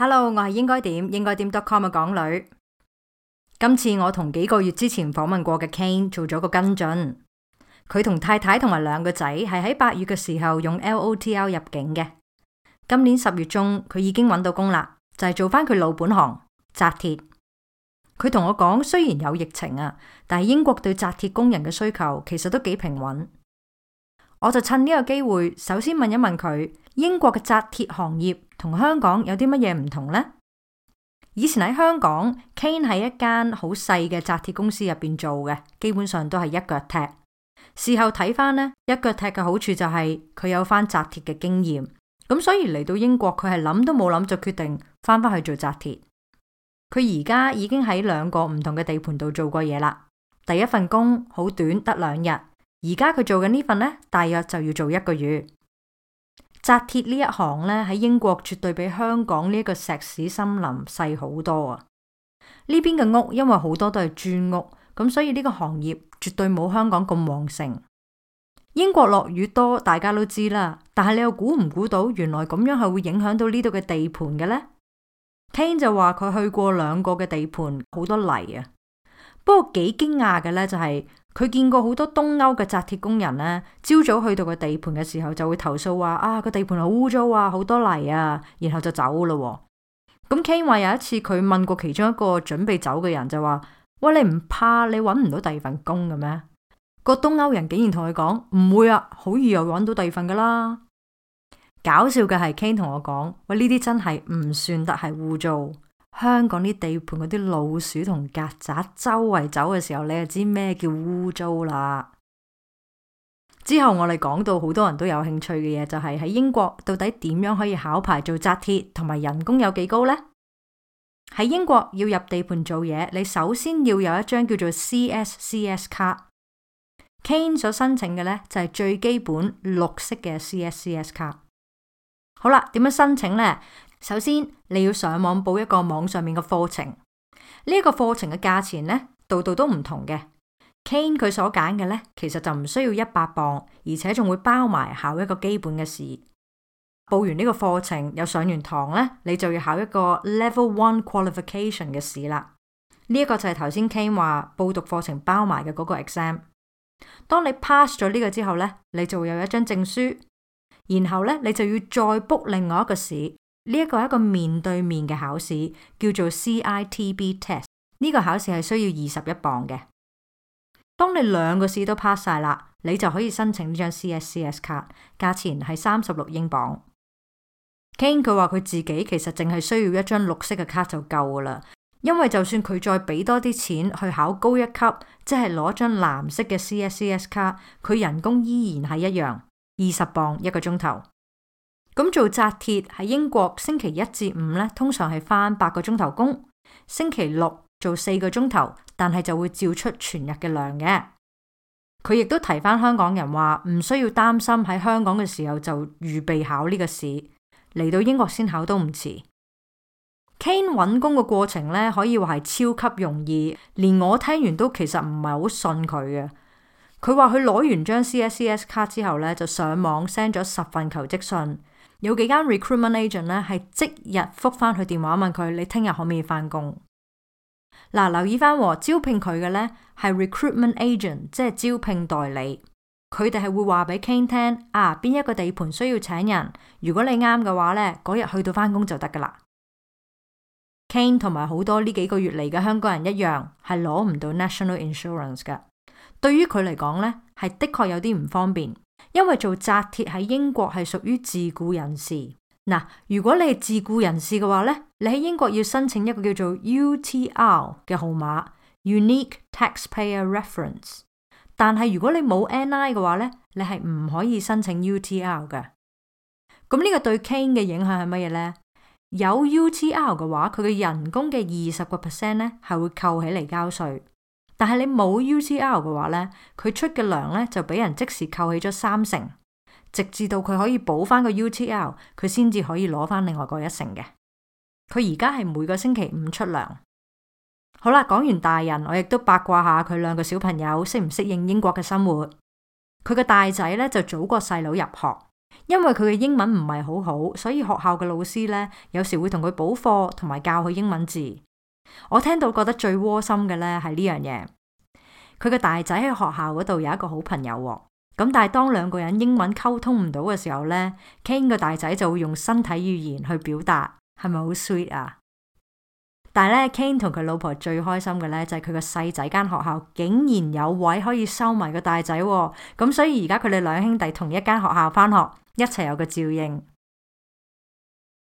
Hello，我係應該點應該點 dotcom 嘅港女。今次我同幾個月之前訪問過嘅 Kane 做咗個跟進。佢同太太同埋兩個仔係喺八月嘅時候用 LOTR 入境嘅。今年十月中佢已經揾到工啦，就係、是、做返佢老本行紮鐵。佢同我講，雖然有疫情啊，但係英國對紮鐵工人嘅需求其實都幾平穩。我就趁呢個機會，首先問一問佢，英國嘅紮鐵行業同香港有啲乜嘢唔同呢？以前喺香港，Ken 喺一間好細嘅紮鐵公司入邊做嘅，基本上都係一腳踢。事後睇翻呢，一腳踢嘅好處就係、是、佢有翻紮鐵嘅經驗，咁所以嚟到英國，佢係諗都冇諗就決定翻返去做紮鐵。佢而家已經喺兩個唔同嘅地盤度做過嘢啦，第一份工好短，得兩日。而家佢做緊呢份呢，大約就要做一個月。紮鐵呢一行呢，喺英國絕對比香港呢一個石屎森林細好多啊！呢邊嘅屋因為好多都係磚屋，咁所以呢個行業絕對冇香港咁旺盛。英國落雨多，大家都知啦，但係你又估唔估到，原來咁樣係會影響到呢度嘅地盤嘅呢？Ken 就話佢去過兩個嘅地盤，好多泥啊！不過幾驚訝嘅咧，就係佢見過好多東歐嘅紮鐵工人咧，朝早去到個地盤嘅時候，就會投訴話啊，個地盤好污糟啊，好多泥啊，然後就走咯喎。咁 Ken 話有一次佢問過其中一個準備走嘅人就話：，喂，你唔怕你揾唔到第二份工嘅咩？個東歐人竟然同佢講唔會啊，好易又揾到第二份噶啦。搞笑嘅係 Ken 同我講：，喂，呢啲真係唔算得係污糟。香港啲地盤嗰啲老鼠同曱甴周圍走嘅時候，你就知咩叫污糟啦。之後我哋講到好多人都有興趣嘅嘢，就係喺英國到底點樣可以考牌做紮鐵，同埋人工有幾高呢？喺英國要入地盤做嘢，你首先要有一張叫做 CSCS 卡。Kane 所申請嘅呢，就係最基本綠色嘅 CSCS 卡。好啦，點樣申請呢？首先，你要上網報一個網上面嘅課程，呢一個課程嘅價錢呢，度度都唔同嘅。Kane 佢所揀嘅呢，其實就唔需要一百磅，而且仲會包埋考一個基本嘅試。報完呢個課程又上完堂呢，你就要考一個 Level One Qualification 嘅試啦。呢一個就係頭先 Kane 話報讀課程包埋嘅嗰個 exam。當你 pass 咗呢個之後呢，你就會有一張證書，然後呢，你就要再 book 另外一個試。呢一個係一個面對面嘅考試，叫做 CITB Test。呢個考試係需要二十一磅嘅。當你兩個試都 pass 晒啦，你就可以申請呢張 CSCS 卡，價錢係三十六英鎊。King 佢話佢自己其實淨係需要一張綠色嘅卡就夠噶啦，因為就算佢再俾多啲錢去考高一級，即係攞張藍色嘅 CSCS 卡，佢人工依然係一樣，二十磅一個鐘頭。咁做紮鐵喺英國，星期一至五咧，通常係翻八個鐘頭工，星期六做四個鐘頭，但係就會照出全日嘅糧嘅。佢亦都提翻香港人話唔需要擔心喺香港嘅時候就預備考呢個試。嚟到英國先考都唔遲。Kane 揾工嘅過程咧，可以話係超級容易，連我聽完都其實唔係好信佢嘅。佢話佢攞完張 C S C S 卡之後咧，就上網 send 咗十份求職信。有幾間 recruitment agent 咧，係即日覆翻佢電話問佢：你聽日可唔可以翻工？嗱、啊，留意翻和招聘佢嘅咧係 recruitment agent，即係招聘代理。佢哋係會話俾 Kane 聽啊，邊一個地盤需要請人？如果你啱嘅話咧，嗰日去到翻工就得噶啦。Kane 同埋好多呢幾個月嚟嘅香港人一樣，係攞唔到 national insurance 噶。對於佢嚟講咧，係的確有啲唔方便。因為做紮鐵喺英國係屬於自僱人士嗱，如果你係自僱人士嘅話咧，你喺英國要申請一個叫做 UTR 嘅號碼 （Unique Taxpayer Reference），但係如果你冇 NI 嘅話咧，你係唔可以申請 UTR 嘅。咁呢個對 Kane 嘅影響係乜嘢咧？有 UTR 嘅話，佢嘅人工嘅二十個 percent 咧係會扣起嚟交稅。但係你冇 UTL 嘅話咧，佢出嘅糧咧就俾人即時扣起咗三成，直至到佢可以補翻個 UTL，佢先至可以攞翻另外嗰一成嘅。佢而家係每個星期五出糧。好啦，講完大人，我亦都八卦下佢兩個小朋友適唔適應英國嘅生活。佢個大仔咧就早過細佬入學，因為佢嘅英文唔係好好，所以學校嘅老師咧有時會同佢補課，同埋教佢英文字。我聽到覺得最窩心嘅咧係呢樣嘢，佢個大仔喺學校嗰度有一個好朋友，哦，咁但係當兩個人英文溝通唔到嘅時候咧，King 個大仔就會用身體語言去表達，係咪好 sweet 啊？但係咧，King 同佢老婆最開心嘅咧就係佢個細仔間學校竟然有位可以收埋個大仔，哦，咁所以而家佢哋兩兄弟同一間學校翻學，一齊有個照應。